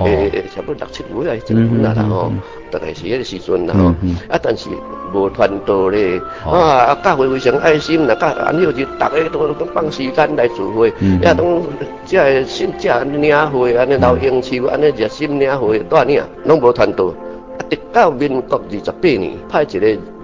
誒、哦欸，差不多六七月係最熱啦，嗬、嗯！特別是個時陣啦，嗬、嗯！嗯、啊，但是無攤導咧，嗯、啊！教會非常愛心啦，安人好似大家都咁幫時間嚟聚會嗯，呀，當即係先即尼領會，安尼老應酬，安尼熱心領會，都係領，都冇攤導。啊，直到民國二十八年，派一個。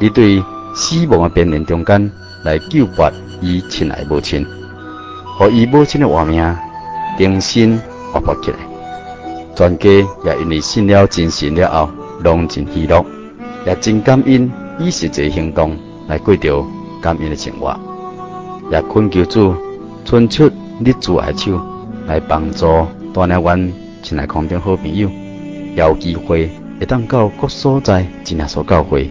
伊對死亡嘅瀕臨中間來救拔伊親愛母親，互伊母親嘅活命，重新活潑起來。全家也因為信了真神了後，攏真喜樂，也真感恩，以實際行動來過着感恩嘅生活，也懇求主伸出你慈愛的手，來幫助帶領阮親愛空中好朋友，要有機會會當到各所在進行所教會。